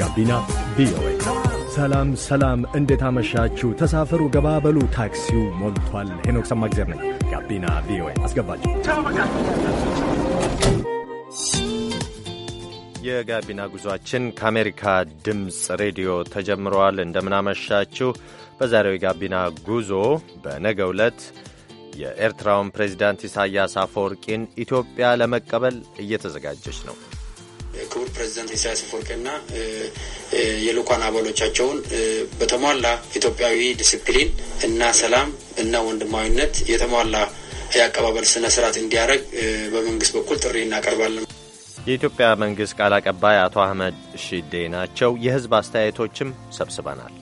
ጋቢና ቪኦኤ። ሰላም ሰላም፣ እንዴት አመሻችሁ? ተሳፈሩ፣ ገባበሉ፣ ታክሲው ሞልቷል። ሄኖክ ሰማግዜር ነኝ። ጋቢና ቪኦኤ አስገባችሁ። የጋቢና ጉዟችን ከአሜሪካ ድምፅ ሬዲዮ ተጀምረዋል። እንደምናመሻችሁ። በዛሬው የጋቢና ጉዞ በነገ ዕለት የኤርትራውን ፕሬዚዳንት ኢሳያስ አፈወርቂን ኢትዮጵያ ለመቀበል እየተዘጋጀች ነው። ክቡር ፕሬዚደንት ኢሳያስ አፈወርቂና የልኡካን አባሎቻቸውን በተሟላ ኢትዮጵያዊ ዲስፕሊን እና ሰላም እና ወንድማዊነት የተሟላ የአቀባበል ስነ ስርዓት እንዲያደርግ በመንግስት በኩል ጥሪ እናቀርባለን። የኢትዮጵያ መንግስት ቃል አቀባይ አቶ አህመድ ሺዴ ናቸው። የህዝብ አስተያየቶችም ሰብስበናል።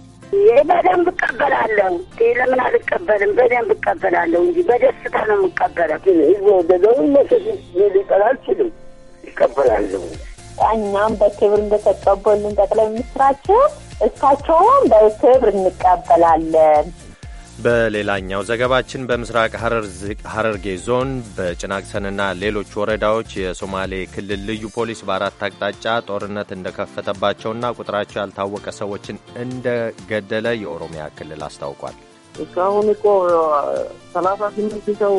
ይህ በደንብ እቀበላለሁ። ይህ ለምን አልቀበልም? በደንብ እቀበላለሁ እንጂ በደስታ ነው የምቀበለው። ህዝብ ወደደው መሰ ሊቀር አልችልም። ይቀበላለሁ እኛም በክብር እንደተቀበሉን ጠቅላይ ሚኒስትራችን እሳቸውም በክብር እንቀበላለን። በሌላኛው ዘገባችን በምስራቅ ሐረርጌ ዞን በጭናቅሰንና ሌሎች ወረዳዎች የሶማሌ ክልል ልዩ ፖሊስ በአራት አቅጣጫ ጦርነት እንደከፈተባቸውና ቁጥራቸው ያልታወቀ ሰዎችን እንደገደለ የኦሮሚያ ክልል አስታውቋል። እስካሁን እኮ ሰላሳ ስምንት ሰው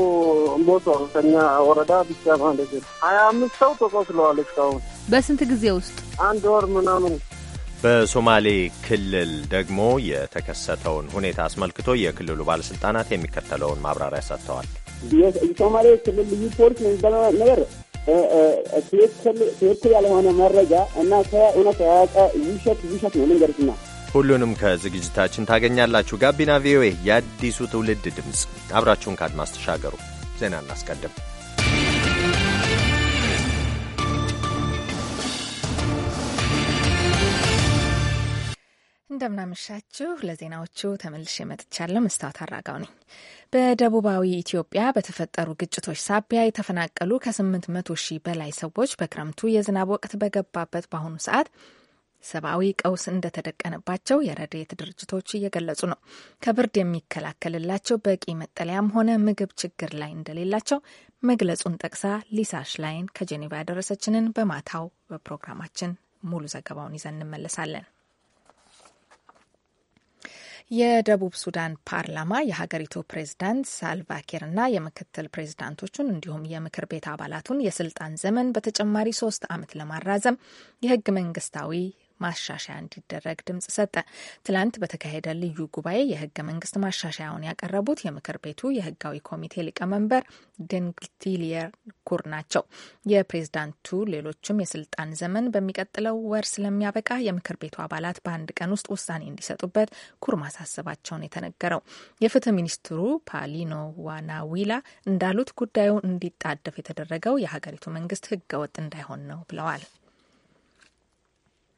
ሞቷል። ከኛ ወረዳ ብቻ ማለት ነው። ሀያ አምስት ሰው ተቆስለዋል። እስካሁን በስንት ጊዜ ውስጥ? አንድ ወር ምናምን። በሶማሌ ክልል ደግሞ የተከሰተውን ሁኔታ አስመልክቶ የክልሉ ባለስልጣናት የሚከተለውን ማብራሪያ ሰጥተዋል። የሶማሌ ክልል ልዩ ፖሊስ የሚባለው ነገር ትክክል ያልሆነ መረጃ እና ከእውነት ያቀ ውሸት ውሸት ነው ልንገርና ሁሉንም ከዝግጅታችን ታገኛላችሁ። ጋቢና ቪኦኤ የአዲሱ ትውልድ ድምፅ፣ አብራችሁን ካድማስ ተሻገሩ። ዜና እናስቀድም። እንደምናመሻችሁ ለዜናዎቹ ተመልሼ መጥቻለሁ። መስታወት አራጋው ነኝ። በደቡባዊ ኢትዮጵያ በተፈጠሩ ግጭቶች ሳቢያ የተፈናቀሉ ከ800 ሺህ በላይ ሰዎች በክረምቱ የዝናብ ወቅት በገባበት በአሁኑ ሰዓት ሰብአዊ ቀውስ እንደተደቀነባቸው የረድኤት ድርጅቶች እየገለጹ ነው። ከብርድ የሚከላከልላቸው በቂ መጠለያም ሆነ ምግብ ችግር ላይ እንደሌላቸው መግለጹን ጠቅሳ ሊሳሽ ላይን ከጄኔቫ ያደረሰችንን በማታው በፕሮግራማችን ሙሉ ዘገባውን ይዘን እንመለሳለን። የደቡብ ሱዳን ፓርላማ የሀገሪቱ ፕሬዝዳንት እና የምክትል ፕሬዝዳንቶቹን እንዲሁም የምክር ቤት አባላቱን የስልጣን ዘመን በተጨማሪ ሶስት ዓመት ለማራዘም የህገ መንግስታዊ ማሻሻያ እንዲደረግ ድምጽ ሰጠ። ትላንት በተካሄደ ልዩ ጉባኤ የህገ መንግስት ማሻሻያውን ያቀረቡት የምክር ቤቱ የህጋዊ ኮሚቴ ሊቀመንበር ድንግቲሊየር ኩር ናቸው። የፕሬዝዳንቱ ሌሎችም የስልጣን ዘመን በሚቀጥለው ወር ስለሚያበቃ የምክር ቤቱ አባላት በአንድ ቀን ውስጥ ውሳኔ እንዲሰጡበት ኩር ማሳሰባቸውን የተነገረው የፍትህ ሚኒስትሩ ፓሊኖ ዋናዊላ እንዳሉት ጉዳዩ እንዲጣደፍ የተደረገው የሀገሪቱ መንግስት ህገወጥ እንዳይሆን ነው ብለዋል።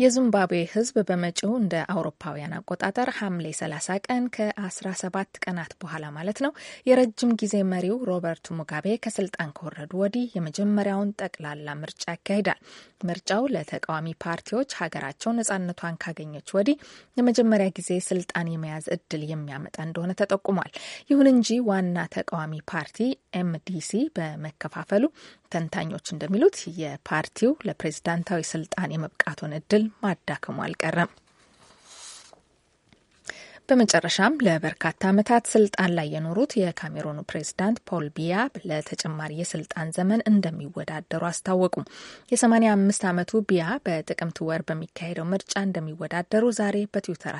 የዚምባብዌ ሕዝብ በመጪው እንደ አውሮፓውያን አቆጣጠር ሐምሌ 30 ቀን ከ17 ቀናት በኋላ ማለት ነው የረጅም ጊዜ መሪው ሮበርቱ ሙጋቤ ከስልጣን ከወረዱ ወዲህ የመጀመሪያውን ጠቅላላ ምርጫ ያካሂዳል። ምርጫው ለተቃዋሚ ፓርቲዎች ሀገራቸው ነጻነቷን ካገኘች ወዲህ የመጀመሪያ ጊዜ ስልጣን የመያዝ እድል የሚያመጣ እንደሆነ ተጠቁሟል። ይሁን እንጂ ዋና ተቃዋሚ ፓርቲ ኤምዲሲ በመከፋፈሉ ተንታኞች እንደሚሉት የፓርቲው ለፕሬዝዳንታዊ ስልጣን የመብቃቱን እድል ማዳከሙ አልቀረም። በመጨረሻም ለበርካታ ዓመታት ስልጣን ላይ የኖሩት የካሜሮኑ ፕሬዚዳንት ፖል ቢያ ለተጨማሪ የስልጣን ዘመን እንደሚወዳደሩ አስታወቁ። የ85 ዓመቱ ቢያ በጥቅምት ወር በሚካሄደው ምርጫ እንደሚወዳደሩ ዛሬ በትዊተር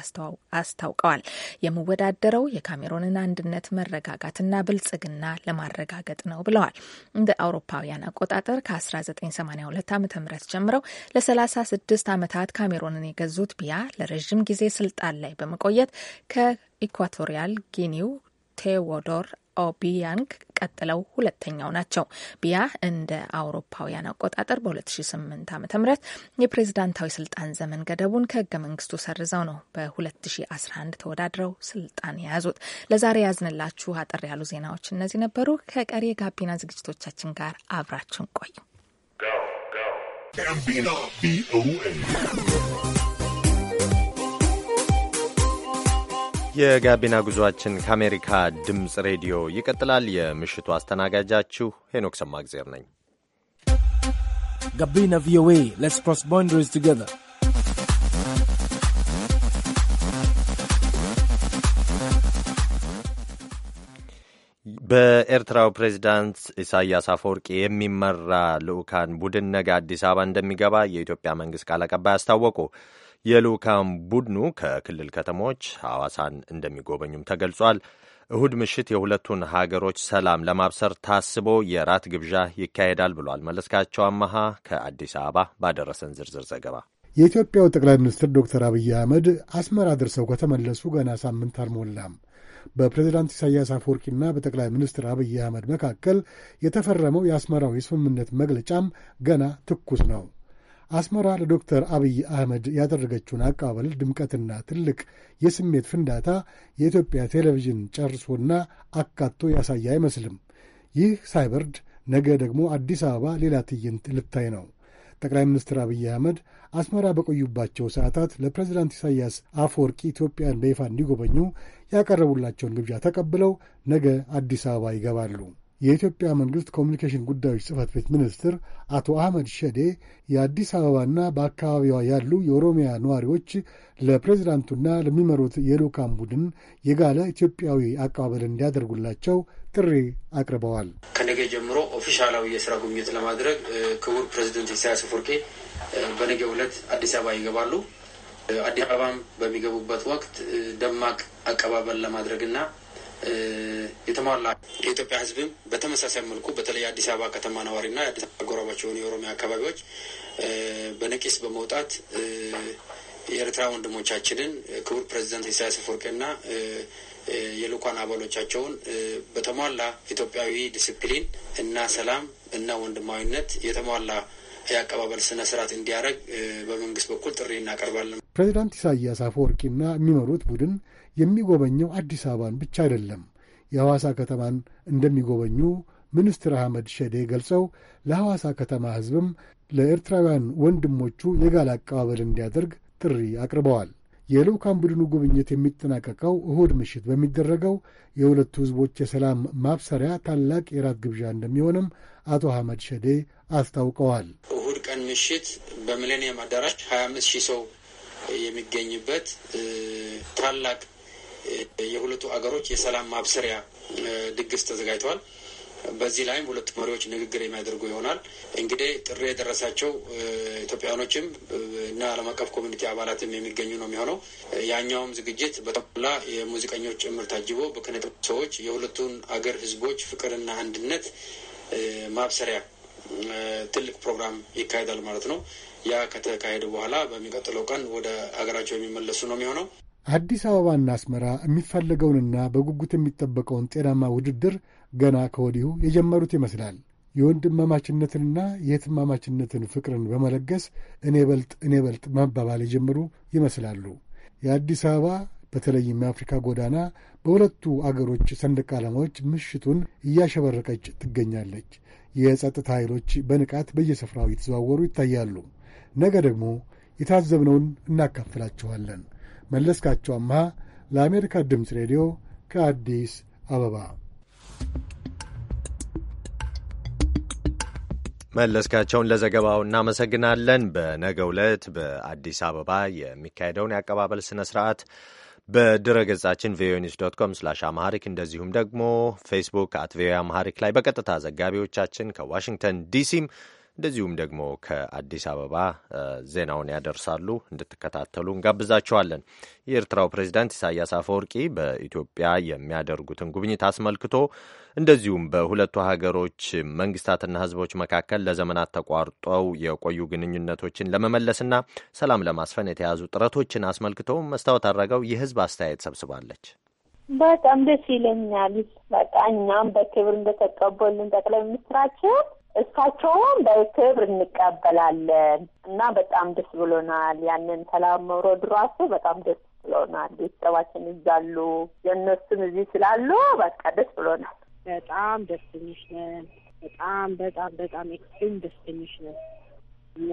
አስታውቀዋል። የምወዳደረው የካሜሮንን አንድነት፣ መረጋጋትና ብልጽግና ለማረጋገጥ ነው ብለዋል። እንደ አውሮፓውያን አቆጣጠር ከ1982 ዓ ም ጀምረው ለ36 ዓመታት ካሜሮንን የገዙት ቢያ ለረዥም ጊዜ ስልጣን ላይ በመቆየት ከኢኳቶሪያል ጊኒው ቴዎዶር ኦቢያንግ ቀጥለው ሁለተኛው ናቸው። ቢያ እንደ አውሮፓውያን አቆጣጠር በ2008 ዓ ም የፕሬዝዳንታዊ ስልጣን ዘመን ገደቡን ከህገ መንግስቱ ሰርዘው ነው በ2011 ተወዳድረው ስልጣን የያዙት። ለዛሬ ያዝንላችሁ አጠር ያሉ ዜናዎች እነዚህ ነበሩ። ከቀሪ የጋቢና ዝግጅቶቻችን ጋር አብራችን ቆዩ። የጋቢና ጉዟችን ከአሜሪካ ድምፅ ሬዲዮ ይቀጥላል። የምሽቱ አስተናጋጃችሁ ሄኖክ ሰማግዜር ነኝ። ጋቢና ቪኦኤ ሌትስ ክሮስ ቦንደሪስ ቱጌዘር በኤርትራው ፕሬዚዳንት ኢሳያስ አፈወርቂ የሚመራ ልዑካን ቡድን ነገ አዲስ አበባ እንደሚገባ የኢትዮጵያ መንግስት ቃል አቀባይ አስታወቁ። የልዑካን ቡድኑ ከክልል ከተሞች ሐዋሳን እንደሚጎበኙም ተገልጿል። እሁድ ምሽት የሁለቱን ሀገሮች ሰላም ለማብሰር ታስቦ የራት ግብዣ ይካሄዳል ብሏል። መለስካቸው አመሃ ከአዲስ አበባ ባደረሰን ዝርዝር ዘገባ የኢትዮጵያው ጠቅላይ ሚኒስትር ዶክተር አብይ አህመድ አስመራ ደርሰው ከተመለሱ ገና ሳምንት አልሞላም። በፕሬዚዳንት ኢሳያስ አፈወርቂና በጠቅላይ ሚኒስትር አብይ አህመድ መካከል የተፈረመው የአስመራው የስምምነት መግለጫም ገና ትኩስ ነው። አስመራ ለዶክተር አብይ አህመድ ያደረገችውን አቀባበል ድምቀትና ትልቅ የስሜት ፍንዳታ የኢትዮጵያ ቴሌቪዥን ጨርሶና አካቶ ያሳየ አይመስልም። ይህ ሳይበርድ ነገ ደግሞ አዲስ አበባ ሌላ ትዕይንት ልታይ ነው። ጠቅላይ ሚኒስትር አብይ አህመድ አስመራ በቆዩባቸው ሰዓታት ለፕሬዚዳንት ኢሳያስ አፈወርቂ ኢትዮጵያን በይፋ እንዲጎበኙ ያቀረቡላቸውን ግብዣ ተቀብለው ነገ አዲስ አበባ ይገባሉ። የኢትዮጵያ መንግሥት ኮሚኒኬሽን ጉዳዮች ጽህፈት ቤት ሚኒስትር አቶ አህመድ ሸዴ የአዲስ አበባና በአካባቢዋ ያሉ የኦሮሚያ ነዋሪዎች ለፕሬዚዳንቱና ለሚመሩት የልዑካን ቡድን የጋለ ኢትዮጵያዊ አቀባበል እንዲያደርጉላቸው ጥሪ አቅርበዋል። ከነገ ጀምሮ ኦፊሻላዊ የስራ ጉብኝት ለማድረግ ክቡር ፕሬዚደንት ኢሳያስ አፈወርቂ በነገ ዕለት አዲስ አበባ ይገባሉ። አዲስ አበባም በሚገቡበት ወቅት ደማቅ አቀባበል ለማድረግና የተሟላ የኢትዮጵያ ህዝብም በተመሳሳይ መልኩ በተለይ የአዲስ አበባ ከተማ ነዋሪና የአዲስ አበባ ጎረቤት የሆኑ የኦሮሚያ አካባቢዎች በነቂስ በመውጣት የኤርትራ ወንድሞቻችንን ክቡር ፕሬዚደንት ኢሳያስ አፈወርቂና የልኳን አባሎቻቸውን በተሟላ ኢትዮጵያዊ ዲስፕሊን እና ሰላም እና ወንድማዊነት የተሟላ የአቀባበል ስነ ስርዓት እንዲያደርግ በመንግስት በኩል ጥሪ እናቀርባለን። ፕሬዚዳንት ኢሳያስ አፈወርቂና የሚመሩት ቡድን የሚጎበኘው አዲስ አበባን ብቻ አይደለም። የሐዋሳ ከተማን እንደሚጎበኙ ሚኒስትር አህመድ ሸዴ ገልጸው ለሐዋሳ ከተማ ሕዝብም ለኤርትራውያን ወንድሞቹ የጋለ አቀባበል እንዲያደርግ ጥሪ አቅርበዋል። የልዑካን ቡድኑ ጉብኝት የሚጠናቀቀው እሁድ ምሽት በሚደረገው የሁለቱ ሕዝቦች የሰላም ማብሰሪያ ታላቅ የራት ግብዣ እንደሚሆንም አቶ አህመድ ሸዴ አስታውቀዋል። እሁድ ቀን ምሽት በሚሌኒየም አዳራሽ 25 ሺህ ሰው የሚገኝበት ታላቅ የሁለቱ አገሮች የሰላም ማብሰሪያ ድግስ ተዘጋጅተዋል። በዚህ ላይም ሁለቱ መሪዎች ንግግር የሚያደርጉ ይሆናል። እንግዲህ ጥሪ የደረሳቸው ኢትዮጵያኖችም እና ዓለም አቀፍ ኮሚኒቲ አባላትም የሚገኙ ነው የሚሆነው። ያኛውም ዝግጅት በተሞላ የሙዚቀኞች ጭምር ታጅቦ በኪነ ሰዎች የሁለቱን አገር ህዝቦች ፍቅርና አንድነት ማብሰሪያ ትልቅ ፕሮግራም ይካሄዳል ማለት ነው። ያ ከተካሄደ በኋላ በሚቀጥለው ቀን ወደ ሀገራቸው የሚመለሱ ነው የሚሆነው። አዲስ አበባና አስመራ የሚፈለገውንና በጉጉት የሚጠበቀውን ጤናማ ውድድር ገና ከወዲሁ የጀመሩት ይመስላል። የወንድማማችነትንና የትማማችነትን ፍቅርን በመለገስ እኔ በልጥ እኔ በልጥ መባባል የጀመሩ ይመስላሉ። የአዲስ አበባ በተለይም የአፍሪካ ጎዳና በሁለቱ አገሮች ሰንደቅ ዓላማዎች ምሽቱን እያሸበረቀች ትገኛለች። የጸጥታ ኃይሎች በንቃት በየስፍራው እየተዘዋወሩ ይታያሉ። ነገ ደግሞ የታዘብነውን እናካፍላችኋለን። መለስካቸው አምሃ ለአሜሪካ ድምፅ ሬዲዮ ከአዲስ አበባ መለስካቸውን ለዘገባው እናመሰግናለን። በነገ ዕለት በአዲስ አበባ የሚካሄደውን የአቀባበል ስነ ስርዓት በድረገጻችን ቪኦኤ ኒውስ ዶት ኮም ስላሽ አማሃሪክ እንደዚሁም ደግሞ ፌስቡክ አት ቪኦኤ አማሃሪክ ላይ በቀጥታ ዘጋቢዎቻችን ከዋሽንግተን ዲሲም እንደዚሁም ደግሞ ከአዲስ አበባ ዜናውን ያደርሳሉ። እንድትከታተሉ እንጋብዛችኋለን። የኤርትራው ፕሬዚዳንት ኢሳያስ አፈወርቂ በኢትዮጵያ የሚያደርጉትን ጉብኝት አስመልክቶ እንደዚሁም በሁለቱ ሀገሮች መንግስታትና ህዝቦች መካከል ለዘመናት ተቋርጠው የቆዩ ግንኙነቶችን ለመመለስና ሰላም ለማስፈን የተያዙ ጥረቶችን አስመልክቶ መስታወት አድረገው የህዝብ አስተያየት ሰብስባለች። በጣም ደስ ይለኛል። በቃ እኛም በክብር እንደተቀበሉን ጠቅላይ ሚኒስትራችን እሳቸውም በክብር እንቀበላለን እና በጣም ደስ ብሎናል። ያንን ሰላም መውረድ ራሱ በጣም ደስ ብሎናል። ቤተሰባችን እዛሉ የእነሱም እዚህ ስላሉ በቃ ደስ ብሎናል። በጣም ደስተኞች ነን። በጣም በጣም በጣም ኤክስትሪም ደስተኞች ነን እኛ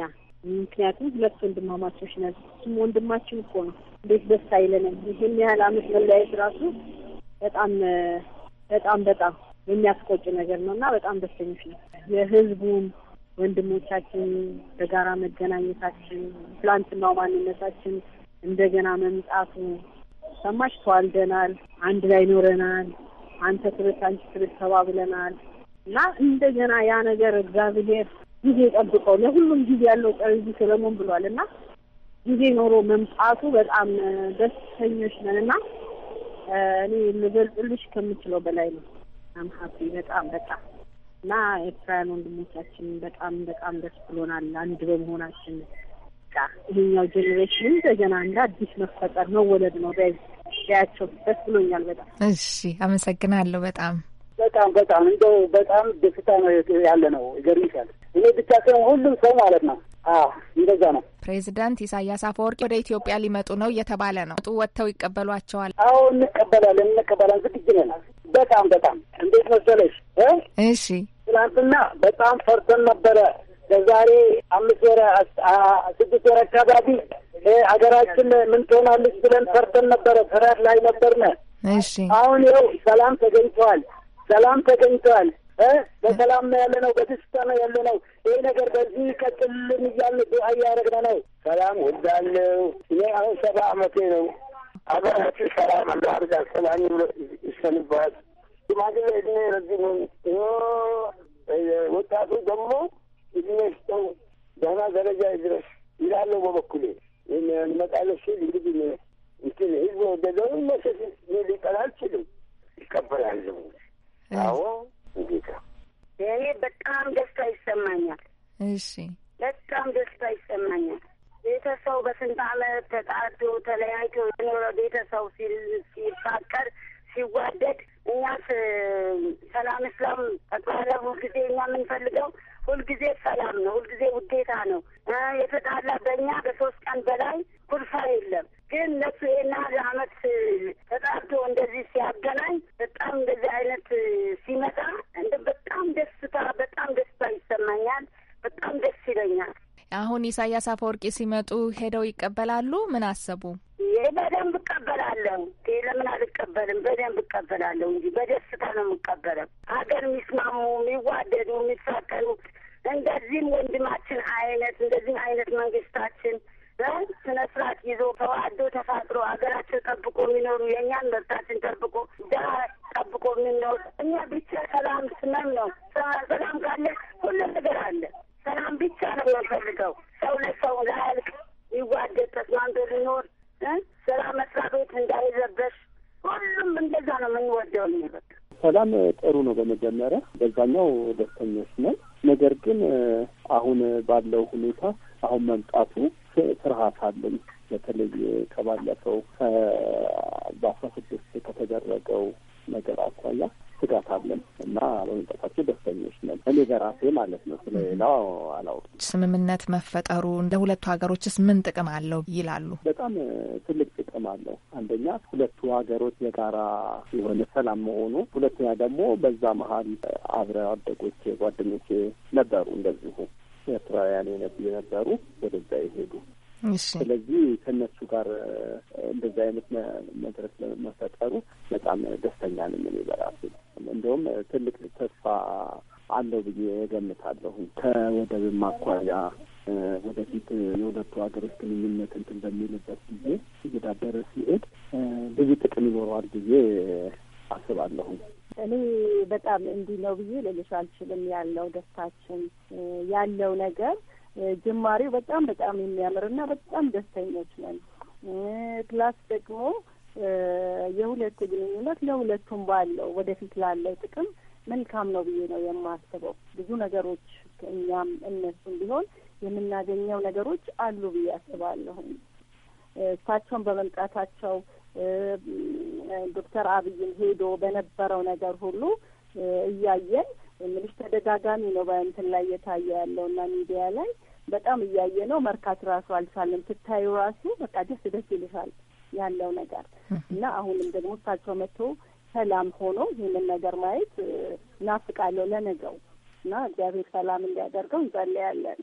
ምክንያቱም ሁለት ወንድማማቾች ነን። እሱም ወንድማችን እኮ ነው። እንዴት ደስ አይለንም? ይህን ያህል አመት መለያየት ራሱ በጣም በጣም በጣም የሚያስቆጭ ነገር ነው እና በጣም ደስተኞች ነን። የህዝቡን ወንድሞቻችን በጋራ መገናኘታችን ትላንትናው ማንነታችን እንደገና መምጣቱ ሰማሽ፣ ተዋልደናል፣ አንድ ላይ ኖረናል፣ አንተ ትምህርት አንቺ ትምህርት ተባብለናል እና እንደገና ያ ነገር እግዚአብሔር ጊዜ ጠብቀው ለሁሉም ጊዜ ያለው ቀዚ ሰለሞን ብሏል እና ጊዜ ኖሮ መምጣቱ በጣም ደስተኞች ነን እና እኔ ልገልጽልሽ ከምችለው በላይ ነው። አምሀቢ በጣም በጣም እና ኤርትራውያን ወንድሞቻችን በጣም በጣም ደስ ብሎናል። አንድ በመሆናችን ይሄኛው ጄኔሬሽን እንደገና እንደ አዲስ መፈጠር መወለድ ነው ያቸው። ደስ ብሎኛል በጣም። እሺ፣ አመሰግናለሁ በጣም በጣም በጣም እንደው በጣም ደስታ ነው ያለ ነው። ይገርምሻል። እኔ ብቻ ሳይሆን ሁሉም ሰው ማለት ነው። እንደዛ ነው። ፕሬዚዳንት ኢሳያስ አፈወርቂ ወደ ኢትዮጵያ ሊመጡ ነው እየተባለ ነው። ጡ ወጥተው ይቀበሏቸዋል? አዎ እንቀበላለን፣ እንቀበላለን፣ ዝግጅ ነን። በጣም በጣም እንዴት መሰለሽ፣ እሺ ትናንትና በጣም ፈርተን ነበረ። ከዛሬ አምስት ወረ ስድስት ወረ አካባቢ ሀገራችን ምን ትሆናለች ብለን ፈርተን ነበረ። ፍርሃት ላይ ነበርነ። እሺ አሁን ይኸው ሰላም ተገኝተዋል። ሰላም ተገኝተዋል። በሰላም ነው ያለ ነው፣ በደስታ ነው ያለ ነው። ይህ ነገር በዚህ ቀጥልን እያልን ዱዓ እያደረግን ነው። ሰላም ወዳለው እኔ አሁን ሰባ አመቴ ነው። አገራችሁ ሰላም አለ አርጋ ሰላም ይሰንባት። ሽማግሌ እድሜ ረጅሙን ወጣቱ ደግሞ እድሜ ስጠው ደህና ደረጃ ይድረስ ይላለው። በበኩሌ እንመጣለን ሲል እንግዲህ እንትን ህዝብ ወደደውን መሸሽ ሊቀላ አልችልም ይቀበላለሁ አዎ እንዴት ነው? እኔ በጣም ደስታ ይሰማኛል። እሺ በጣም ደስታ ይሰማኛል። ቤተሰው በስንት ዓመት ተጣዶ ተለያይቶ የኖረ ቤተሰው ሲፋቀር ሲዋደድ፣ እኛ ሰላም እስላም ጠቅላላ ሁልጊዜ እኛ የምንፈልገው ሁልጊዜ ሰላም ነው። ሁልጊዜ ውዴታ ነው። የተጣላ በእኛ በሶስት ቀን በላይ ኩልፋ የለም። ግን እነሱ ይሄን ያህል አመት ተጣርቶ እንደዚህ ሲያገናኝ በጣም እንደዚህ አይነት ሲመጣ እንደ በጣም ደስታ በጣም ደስታ ይሰማኛል። በጣም ደስ ይለኛል። አሁን ኢሳያስ አፈወርቂ ሲመጡ ሄደው ይቀበላሉ? ምን አሰቡ? ይህ በደንብ እቀበላለሁ። ለምን አልቀበልም? በደንብ እቀበላለሁ እንጂ በደስታ ነው የምቀበለው። ሀገር የሚስማሙ የሚዋደዱ፣ የሚፋቀሩ እንደዚህም ወንድማችን አይነት እንደዚህም አይነት መንግስታችን ስነ ስርዓት ይዞ ተዋዶ ተፋቅሮ ሀገራቸው ጠብቆ የሚኖሩ የእኛን መብታችን ጠብቆ ደሀ ጠብቆ የሚኖር እኛ ብቻ ሰላም ስመም ነው። ሰላም ካለ ሁሉም ነገር አለ። ሰላም ብቻ ነው የምንፈልገው። ሰው ለሰው ላያልቅ ይዋደድ ተስማምቶ ሊኖር ስራ መስሪያ ቤት እንዳይዘበሽ ሁሉም እንደዛ ነው የምንወደው። ሰላም ጥሩ ነው። በመጀመሪያ በዛኛው ደስተኞች ነን። ነገር ግን አሁን ባለው ሁኔታ አሁን መምጣቱ ፍርሃት አለን። በተለይ ከባለፈው በአስራ ስድስት ከተደረገው ነገር አኳያ ስጋት አለን እና በመምጣታቸው ደስተኞች ነን። እኔ በራሴ ማለት ነው። ስለሌላው አላውቅም። ስምምነት መፈጠሩ ለሁለቱ ሀገሮችስ ምን ጥቅም አለው ይላሉ? በጣም ትልቅ ጥቅም አለው። አንደኛ ሁለቱ ሀገሮች የጋራ የሆነ ሰላም መሆኑ፣ ሁለተኛ ደግሞ በዛ መሀል አብረ አደጎቼ ጓደኞች ነበሩ እንደዚሁ ኤርትራውያን የነበሩ ወደዛ የሄዱ ስለዚህ ከእነሱ ጋር እንደዛ አይነት መድረክ መፈጠሩ በጣም ደስተኛ ነኝ እኔ በራሴ። እንደውም ትልቅ ተስፋ አለው ብዬ እገምታለሁ። ከወደብም አኳያ ወደፊት የሁለቱ ሀገሮች ግንኙነት እንትን በሚልበት ጊዜ እየዳበረ ሲሄድ ብዙ ጥቅም ይኖረዋል ብዬ አስባለሁ። እኔ በጣም እንዲህ ነው ብዬ ልልሽ አልችልም። ያለው ደስታችን ያለው ነገር ጅማሬው በጣም በጣም የሚያምርና በጣም ደስተኞች ነን። ፕላስ ደግሞ የሁለት ግንኙነት ለሁለቱም ባለው ወደፊት ላለው ጥቅም መልካም ነው ብዬ ነው የማስበው። ብዙ ነገሮች እኛም እነሱም ቢሆን የምናገኘው ነገሮች አሉ ብዬ አስባለሁ። እሳቸውን በመምጣታቸው ዶክተር አብይም ሄዶ በነበረው ነገር ሁሉ እያየን ምልሽ ተደጋጋሚ ነው በእንትን ላይ እየታየ ያለው እና ሚዲያ ላይ በጣም እያየ ነው መርካት ራሱ አልቻለም። ስታዩ ራሱ በቃ ደስ ደስ ይልሻል ያለው ነገር እና አሁንም ደግሞ እሳቸው መጥቶ ሰላም ሆኖ ይህንን ነገር ማየት እናፍቃለሁ ለነገው እና እግዚአብሔር ሰላም እንዲያደርገው እንጸለያለን።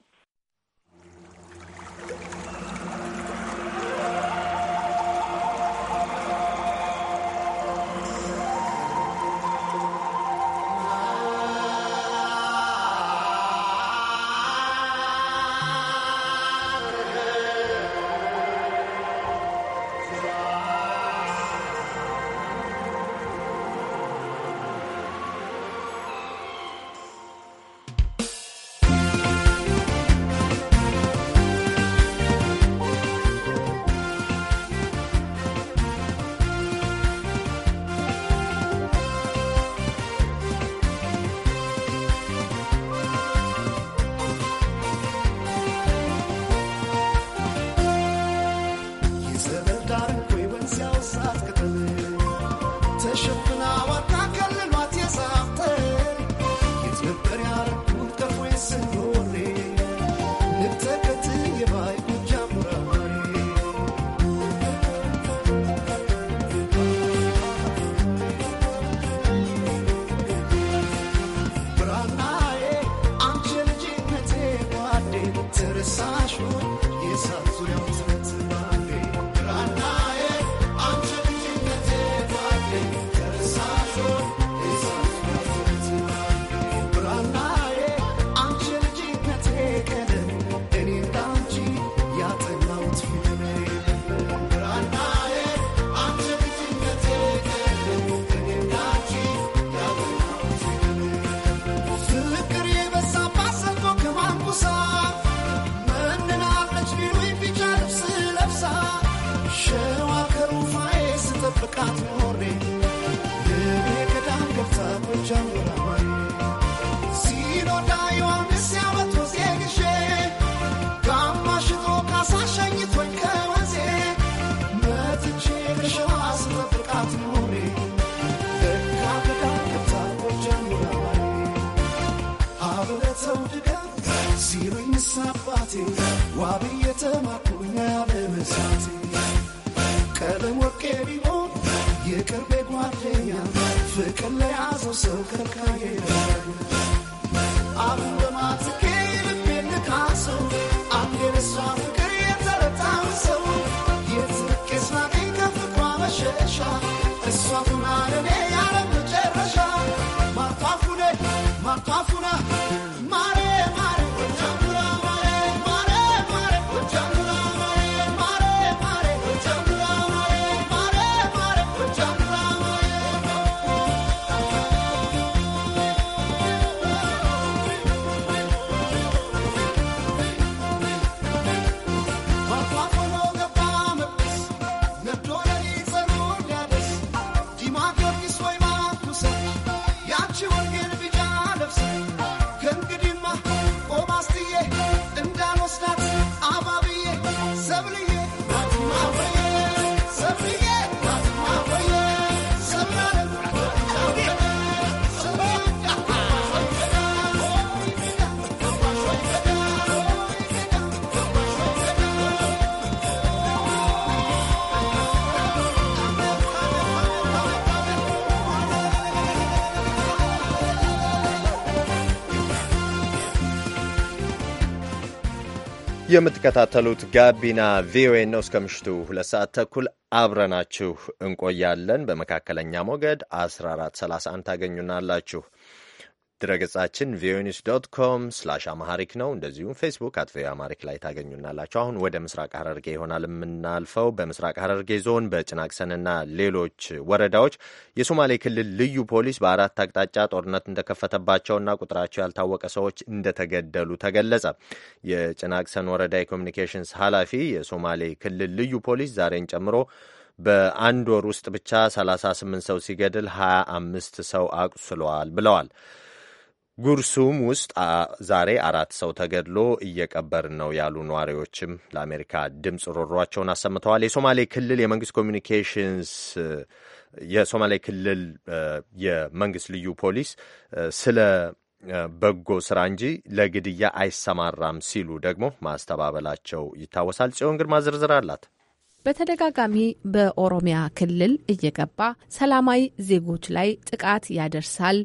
ብዬ ተማኩኛ በመሳቴ ቀለም ወርቄ ቢሆን የቅርቤ ጓደኛ ፍቅር ለያዘው ሰው ከልካዬ አሁን በማትኬ ልቤ ንካሰው አንድ እሷ ፍቅር የተረታን ሰው የትርቄ ስናገኝ ከፍቅሯ መሸሻ እሷ ሁና ለኔ ያለ መጨረሻ ማርቷ የምትከታተሉት ጋቢና ቪኦኤ ነው። እስከ ምሽቱ ሁለት ሰዓት ተኩል አብረናችሁ እንቆያለን። በመካከለኛ ሞገድ 1431 ታገኙናላችሁ። ድረገጻችን ቪኦኤኒውስ ዶት ኮም ስላሽ አማሐሪክ ነው። እንደዚሁም ፌስቡክ አት ቪኦኤ አማሪክ ላይ ታገኙናላችሁ። አሁን ወደ ምስራቅ ሐረርጌ ይሆናል የምናልፈው። በምስራቅ ሐረርጌ ዞን በጭናቅሰንና ሌሎች ወረዳዎች የሶማሌ ክልል ልዩ ፖሊስ በአራት አቅጣጫ ጦርነት እንደከፈተባቸውና ቁጥራቸው ያልታወቀ ሰዎች እንደተገደሉ ተገለጸ። የጭናቅሰን ወረዳ የኮሚኒኬሽንስ ኃላፊ የሶማሌ ክልል ልዩ ፖሊስ ዛሬን ጨምሮ በአንድ ወር ውስጥ ብቻ 38 ሰው ሲገድል 25 ሰው አቁስለዋል ብለዋል። ጉርሱም ውስጥ ዛሬ አራት ሰው ተገድሎ እየቀበርን ነው ያሉ ነዋሪዎችም ለአሜሪካ ድምፅ ሮሯቸውን አሰምተዋል። የሶማሌ ክልል የመንግስት ኮሚኒኬሽንስ የሶማሌ ክልል የመንግስት ልዩ ፖሊስ ስለ በጎ ስራ እንጂ ለግድያ አይሰማራም ሲሉ ደግሞ ማስተባበላቸው ይታወሳል። ጽዮን ግርማ ዝርዝር አላት። በተደጋጋሚ በኦሮሚያ ክልል እየገባ ሰላማዊ ዜጎች ላይ ጥቃት ያደርሳል፣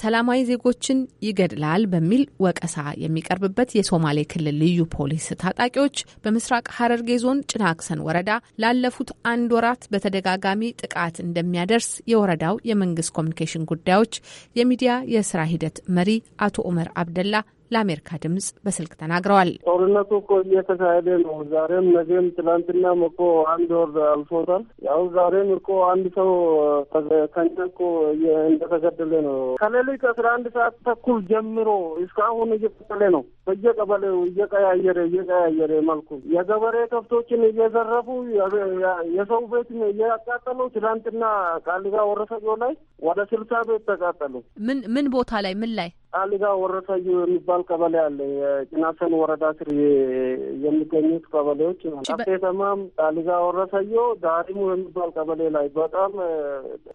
ሰላማዊ ዜጎችን ይገድላል በሚል ወቀሳ የሚቀርብበት የሶማሌ ክልል ልዩ ፖሊስ ታጣቂዎች በምስራቅ ሐረርጌ ዞን ጭናክሰን ወረዳ ላለፉት አንድ ወራት በተደጋጋሚ ጥቃት እንደሚያደርስ የወረዳው የመንግስት ኮሚኒኬሽን ጉዳዮች የሚዲያ የስራ ሂደት መሪ አቶ ኡመር አብደላ ለአሜሪካ ድምጽ በስልክ ተናግረዋል። ጦርነቱ እኮ እየተካሄደ ነው። ዛሬም ነገም፣ ትላንትናም እኮ አንድ ወር አልፎታል። ያው ዛሬም እኮ አንድ ሰው ከኛ እኮ እንደተገደለ ነው። ከሌሊት አስራ አንድ ሰዓት ተኩል ጀምሮ እስካሁን እየቀጠለ ነው። በየቀበሌው እየቀያየረ እየቀያየረ መልኩ የገበሬ ከብቶችን እየዘረፉ የሰው ቤት እያቃጠሉ ትላንትና ቃሊጋ ወረሰዮ ላይ ወደ ስልሳ ቤት ተቃጠሉ። ምን ምን ቦታ ላይ ምን ላይ ቃሊጋ ወረሰዮ የሚባ ጨርቋል ቀበሌ አለ። የጭናሰን ወረዳ ስር የሚገኙት ቀበሌዎች ተማም፣ ጣሊጋ፣ ወረሰዮ፣ ዳሪሙ የሚባል ቀበሌ ላይ በጣም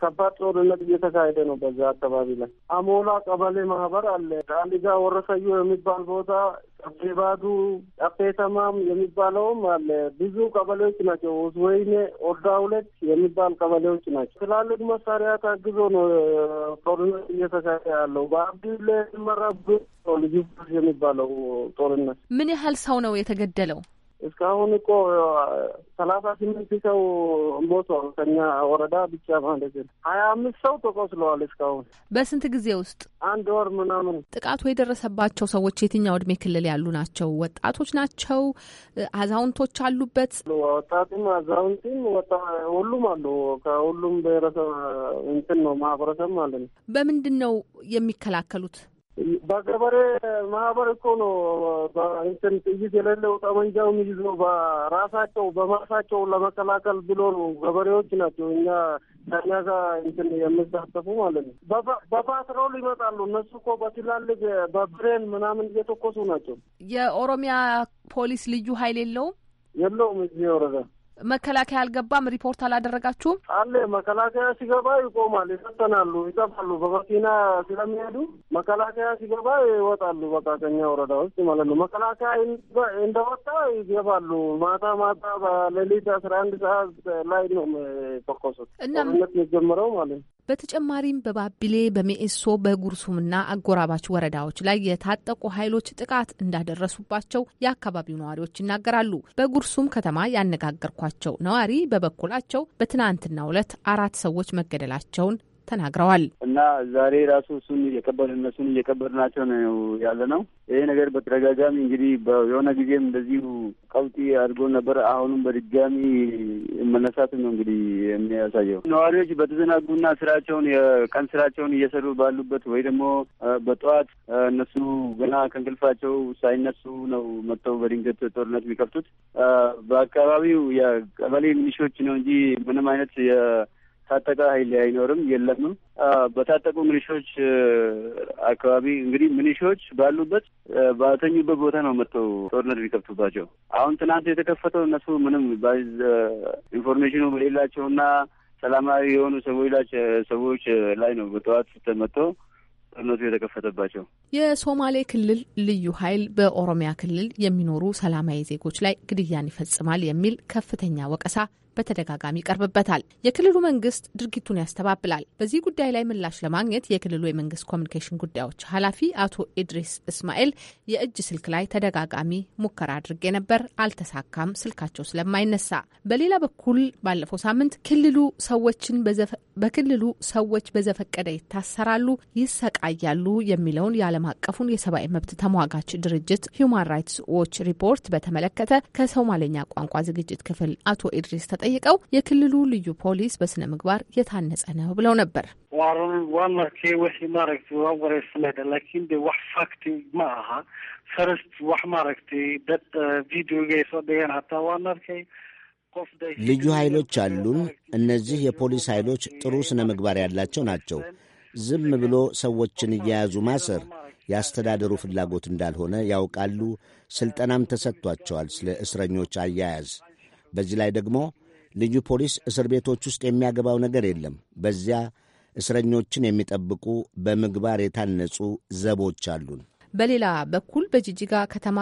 ከባድ ጦርነት እየተካሄደ ነው። በዛ አካባቢ ላይ አሞላ ቀበሌ ማህበር አለ። ጣሊጋ፣ ወረሰዮ የሚባል ቦታ ጠፌ ተማም የሚባለውም አለ። ብዙ ቀበሌዎች ናቸው። ወይኔ ኦርዳ ሁለት የሚባል ቀበሌዎች ናቸው። ትላልቅ መሳሪያ ታግዞ ነው ጦርነት እየተካሄደ ያለው። በአብዱላ የሚመራ ልዩ የሚባለው ጦርነት ምን ያህል ሰው ነው የተገደለው? እስካሁን እኮ ሰላሳ ስምንት ሰው ሞቷል። ከኛ ወረዳ ብቻ ማለት ነው። ሀያ አምስት ሰው ተቆስለዋል። እስካሁን በስንት ጊዜ ውስጥ? አንድ ወር ምናምን። ጥቃቱ የደረሰባቸው ሰዎች የትኛው እድሜ ክልል ያሉ ናቸው? ወጣቶች ናቸው? አዛውንቶች አሉበት? ወጣትም አዛውንትም ሁሉም አሉ። ከሁሉም ብሔረሰብ እንትን ነው ማህበረሰብ ማለት ነው። በምንድን ነው የሚከላከሉት? በገበሬ ማህበር እኮ ነው እንትን ጥይት የሌለው ጠመንጃውን ይዞ በራሳቸው በማሳቸው ለመከላከል ብሎ ነው። ገበሬዎች ናቸው እኛ ከኛ ጋር እንትን የምሳተፉ ማለት ነው። በፓትሮል ይመጣሉ። እነሱ እኮ በትላልቅ በብሬን ምናምን እየተኮሱ ናቸው። የኦሮሚያ ፖሊስ ልዩ ኃይል የለውም የለውም እዚህ ወረዳ መከላከያ አልገባም? ሪፖርት አላደረጋችሁም? አለ መከላከያ ሲገባ ይቆማል፣ ይፈተናሉ፣ ይጠፋሉ። በመኪና ስለሚሄዱ መከላከያ ሲገባ ይወጣሉ። በቃ ከኛ ወረዳ ውስጥ ማለት ነው። መከላከያ እንደወጣ ይገባሉ። ማታ ማታ በሌሊት አስራ አንድ ሰዓት ላይ ነው ተኮሱት እና የጀመረው ማለት ነው። በተጨማሪም በባቢሌ በሚኤሶ በጉርሱምና አጎራባች ወረዳዎች ላይ የታጠቁ ኃይሎች ጥቃት እንዳደረሱባቸው የአካባቢው ነዋሪዎች ይናገራሉ። በጉርሱም ከተማ ያነጋገርኳቸው ነዋሪ በበኩላቸው በትናንትናው ዕለት አራት ሰዎች መገደላቸውን ተናግረዋል። እና ዛሬ ራሱ እሱን እየቀበል እነሱን ናቸው ነው ያለ ነው። ይሄ ነገር በተደጋጋሚ እንግዲህ የሆነ ጊዜም እንደዚሁ ቀውጢ አድርጎ ነበር። አሁንም በድጋሚ መነሳት ነው እንግዲህ የሚያሳየው። ነዋሪዎች በተዘናጉና ስራቸውን የቀን ስራቸውን እየሰሩ ባሉበት ወይ ደግሞ በጠዋት እነሱ ገና ከእንቅልፋቸው ሳይነሱ ነው መጥተው በድንገት ጦርነት የሚከፍቱት። በአካባቢው የቀበሌ ሚኒሾች ነው እንጂ ምንም አይነት ታጠቀ ኃይል አይኖርም የለምም። በታጠቁ ሚሊሻዎች አካባቢ እንግዲህ ሚሊሻዎች ባሉበት ባተኙበት ቦታ ነው መጥተው ጦርነት የሚከፍቱባቸው። አሁን ትናንት የተከፈተው እነሱ ምንም ኢንፎርሜሽኑ በሌላቸውና ሰላማዊ የሆኑ ሰዎች ሰዎች ላይ ነው በጠዋት ተመጥቶ ጦርነቱ የተከፈተባቸው። የሶማሌ ክልል ልዩ ኃይል በኦሮሚያ ክልል የሚኖሩ ሰላማዊ ዜጎች ላይ ግድያን ይፈጽማል የሚል ከፍተኛ ወቀሳ በተደጋጋሚ ይቀርብበታል። የክልሉ መንግስት ድርጊቱን ያስተባብላል። በዚህ ጉዳይ ላይ ምላሽ ለማግኘት የክልሉ የመንግስት ኮሚኒኬሽን ጉዳዮች ኃላፊ አቶ ኢድሪስ እስማኤል የእጅ ስልክ ላይ ተደጋጋሚ ሙከራ አድርጌ ነበር፣ አልተሳካም፣ ስልካቸው ስለማይነሳ። በሌላ በኩል ባለፈው ሳምንት ክልሉ ሰዎችን በክልሉ ሰዎች በዘፈቀደ ይታሰራሉ፣ ይሰቃያሉ የሚለውን የዓለም አቀፉን የሰብአዊ መብት ተሟጋች ድርጅት ሂውማን ራይትስ ዎች ሪፖርት በተመለከተ ከሶማሌኛ ቋንቋ ዝግጅት ክፍል አቶ ኢድሪስ ተጠይቀው የክልሉ ልዩ ፖሊስ በስነ ምግባር የታነጸ ነው ብለው ነበር። ልዩ ኃይሎች አሉን። እነዚህ የፖሊስ ኃይሎች ጥሩ ስነ ምግባር ያላቸው ናቸው። ዝም ብሎ ሰዎችን እየያዙ ማሰር የአስተዳደሩ ፍላጎት እንዳልሆነ ያውቃሉ። ሥልጠናም ተሰጥቷቸዋል ስለ እስረኞች አያያዝ። በዚህ ላይ ደግሞ ልዩ ፖሊስ እስር ቤቶች ውስጥ የሚያገባው ነገር የለም። በዚያ እስረኞችን የሚጠብቁ በምግባር የታነጹ ዘቦች አሉን። በሌላ በኩል በጅጅጋ ከተማ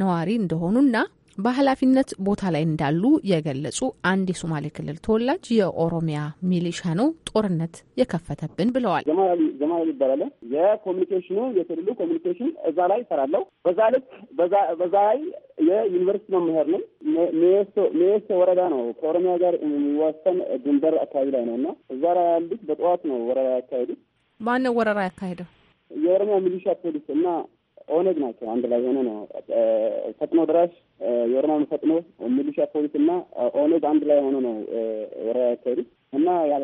ነዋሪ እንደሆኑና በኃላፊነት ቦታ ላይ እንዳሉ የገለጹ አንድ የሶማሌ ክልል ተወላጅ የኦሮሚያ ሚሊሻ ነው ጦርነት የከፈተብን ብለዋል። ዘማዊ ይባላል። የኮሚኒኬሽኑ የክልሉ ኮሚኒኬሽን እዛ ላይ ይሰራለሁ። በዛ ልክ በዛ ላይ የዩኒቨርሲቲ መምህር ነው። ሜሶ ወረዳ ነው ከኦሮሚያ ጋር የሚዋሰን ድንበር አካባቢ ላይ ነው እና እዛ ላይ ያሉት በጠዋት ነው ወረራ ያካሄዱት። ማነው ወረራ ያካሄደው? የኦሮሚያ ሚሊሻ ፖሊስ እና ኦነግ ናቸው። አንድ ላይ ሆነ ነው ፈጥኖ ድራሽ የኦሮማን ፈጥኖ ሚሊሻ ፖሊስ እና ኦነግ አንድ ላይ ሆነ ነው ወረራ ያካሄዱት እና ሀያ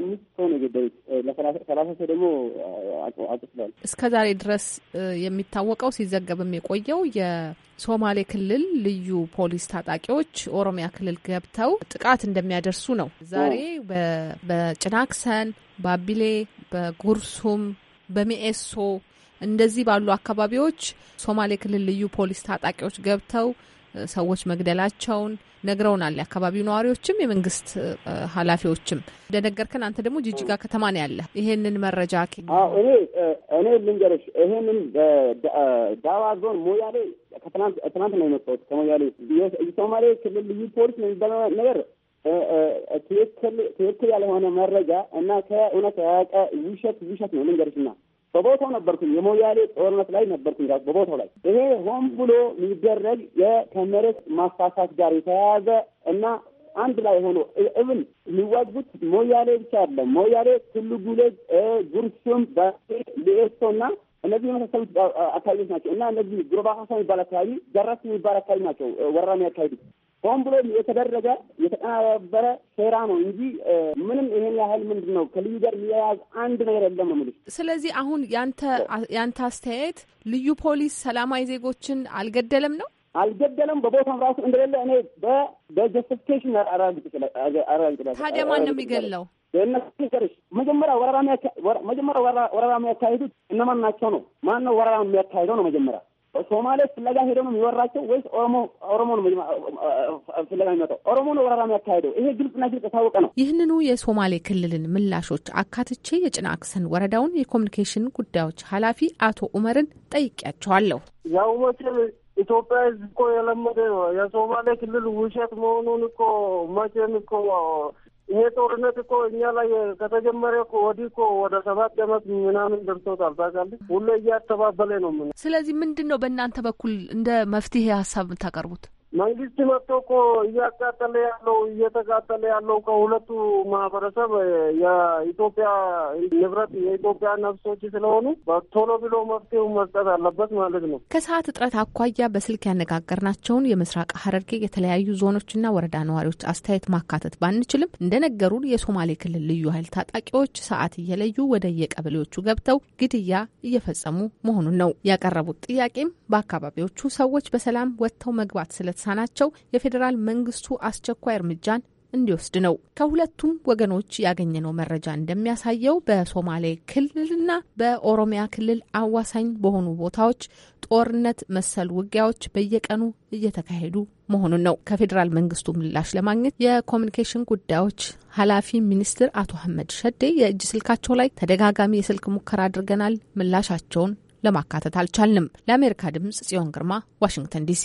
አምስት ሰው ነው የገደሉት። ለሰላሳ ሰው ደግሞ አቁስሏል። እስከ ዛሬ ድረስ የሚታወቀው ሲዘገብም የቆየው የሶማሌ ክልል ልዩ ፖሊስ ታጣቂዎች ኦሮሚያ ክልል ገብተው ጥቃት እንደሚያደርሱ ነው። ዛሬ በጭናክሰን፣ ባቢሌ፣ በጉርሱም በሚኤሶ እንደዚህ ባሉ አካባቢዎች ሶማሌ ክልል ልዩ ፖሊስ ታጣቂዎች ገብተው ሰዎች መግደላቸውን ነግረውናል። የአካባቢው ነዋሪዎችም የመንግስት ኃላፊዎችም እንደነገርከን አንተ ደግሞ ጂጂጋ ከተማ ነው ያለ። ይሄንን መረጃ እኔ እኔ ልንገርሽ፣ ይሄንን ዳዋ ዞን ሞያሌ ትናንት ነው የመጣሁት ከሞያሌ የሶማሌ ክልል ልዩ ፖሊስ ነው የሚባለው ነገር ትክክል ያልሆነ መረጃ እና ከእውነት ያቀ ውሸት ውሸት ነው ልንገርሽና በቦታው ነበርኩኝ። የሞያሌ ጦርነት ላይ ነበርኩኝ። ራሱ በቦታው ላይ ይሄ ሆን ብሎ የሚደረግ የከመሬት ማሳሳት ጋር የተያያዘ እና አንድ ላይ ሆኖ እብን የሚዋጉት ሞያሌ ብቻ አለ ሞያሌ፣ ቱሉ ጉሌዝ፣ ጉርሱም፣ ሊኤሶ እና እነዚህ የመሳሰሉት አካባቢዎች ናቸው እና እነዚህ ጉርባ ሀሳ የሚባል አካባቢ፣ ደራስ የሚባል አካባቢ ናቸው ወረራ የሚያካሂዱት ሆን ብሎ የተደረገ የተቀናበረ ሴራ ነው እንጂ ምንም ይሄን ያህል ምንድን ነው ከልዩ ጋር የሚያያዝ አንድ ነገር የለም ነው የምልሽ። ስለዚህ አሁን ያንተ ያንተ አስተያየት ልዩ ፖሊስ ሰላማዊ ዜጎችን አልገደለም ነው? አልገደለም በቦታም ራሱ እንደሌለ እኔ በጀስቲፊኬሽን አረጋግጥ። ታዲያ ማን ነው የሚገድለው? ነገርሽ መጀመሪያ ወረራ መጀመሪያ ወረራ የሚያካሂዱት እነማን ናቸው ነው? ማን ነው ወረራ የሚያካሂደው ነው መጀመሪያ ሶማሌ ፍለጋ ሄደው ነው የሚወራቸው ወይስ ኦሮሞ ኦሮሞ ነው ፍለጋ የሚመጣው? ኦሮሞ ነው ወረራ የሚያካሄደው። ይሄ ግልጽና ግልጽ የታወቀ ነው። ይህንኑ የሶማሌ ክልልን ምላሾች አካትቼ የጭና አክሰን ወረዳውን የኮሚኒኬሽን ጉዳዮች ኃላፊ አቶ ኡመርን ጠይቄያቸዋለሁ። ያው መቼም ኢትዮጵያ ዝኮ እኮ የለመደ የሶማሌ ክልል ውሸት መሆኑን እኮ መቼም እኮ ይሄ ጦርነት እኮ እኛ ላይ ከተጀመረ ወዲህ እኮ ወደ ሰባት ዓመት ምናምን ደርሶታል። ታውቃለህ ሁሉ እያተባበለ ነው ምን። ስለዚህ ምንድን ነው በእናንተ በኩል እንደ መፍትሄ ሀሳብ የምታቀርቡት? መንግስት መጥቶ እኮ እያቃጠለ ያለው እየተቃጠለ ያለው ከሁለቱ ማህበረሰብ የኢትዮጵያ ንብረት የኢትዮጵያ ነፍሶች ስለሆኑ ቶሎ ብሎ መፍትሄው መስጠት አለበት ማለት ነው። ከሰዓት እጥረት አኳያ በስልክ ያነጋገርናቸውን የምስራቅ ሐረርጌ የተለያዩ ዞኖችና ወረዳ ነዋሪዎች አስተያየት ማካተት ባንችልም እንደነገሩን የሶማሌ ክልል ልዩ ኃይል ታጣቂዎች ሰዓት እየለዩ ወደ የቀበሌዎቹ ገብተው ግድያ እየፈጸሙ መሆኑን ነው ያቀረቡት። ጥያቄም በአካባቢዎቹ ሰዎች በሰላም ወጥተው መግባት ስለ ሳናቸው የፌዴራል መንግስቱ አስቸኳይ እርምጃን እንዲወስድ ነው። ከሁለቱም ወገኖች ያገኘነው መረጃ እንደሚያሳየው በሶማሌ ክልልና በኦሮሚያ ክልል አዋሳኝ በሆኑ ቦታዎች ጦርነት መሰል ውጊያዎች በየቀኑ እየተካሄዱ መሆኑን ነው። ከፌዴራል መንግስቱ ምላሽ ለማግኘት የኮሚኒኬሽን ጉዳዮች ኃላፊ ሚኒስትር አቶ አህመድ ሸዴ የእጅ ስልካቸው ላይ ተደጋጋሚ የስልክ ሙከራ አድርገናል። ምላሻቸውን ለማካተት አልቻልንም። ለአሜሪካ ድምጽ ጽዮን ግርማ ዋሽንግተን ዲሲ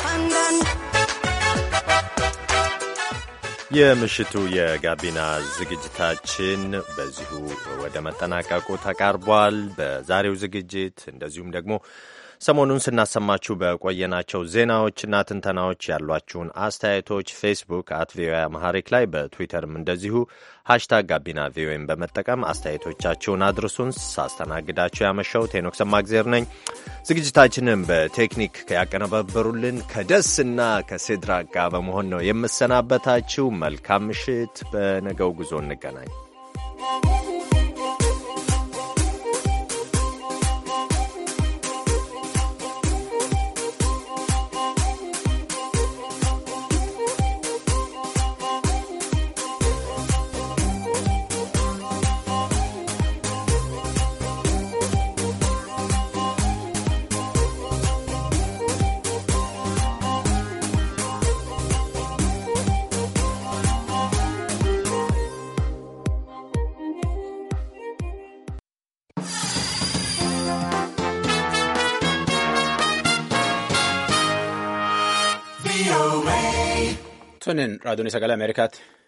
የምሽቱ የጋቢና ዝግጅታችን በዚሁ ወደ መጠናቀቁ ተቃርቧል። በዛሬው ዝግጅት እንደዚሁም ደግሞ ሰሞኑን ስናሰማችሁ በቆየናቸው ዜናዎችና ትንተናዎች ያሏችሁን አስተያየቶች ፌስቡክ አት ቪኦኤ አማሐሪክ ላይ በትዊተርም እንደዚሁ ሃሽታግ ጋቢና ቪኦኤን በመጠቀም አስተያየቶቻችሁን አድርሱን። ሳስተናግዳችሁ ያመሸው ቴኖክ ሰማግዜር ነኝ። ዝግጅታችንን በቴክኒክ ያቀነባበሩልን ከደስና ከሴድራ ጋር በመሆን ነው የምሰናበታችሁ። መልካም ምሽት። በነገው ጉዞ እንገናኝ። Tuffinen raadiyoon sagalee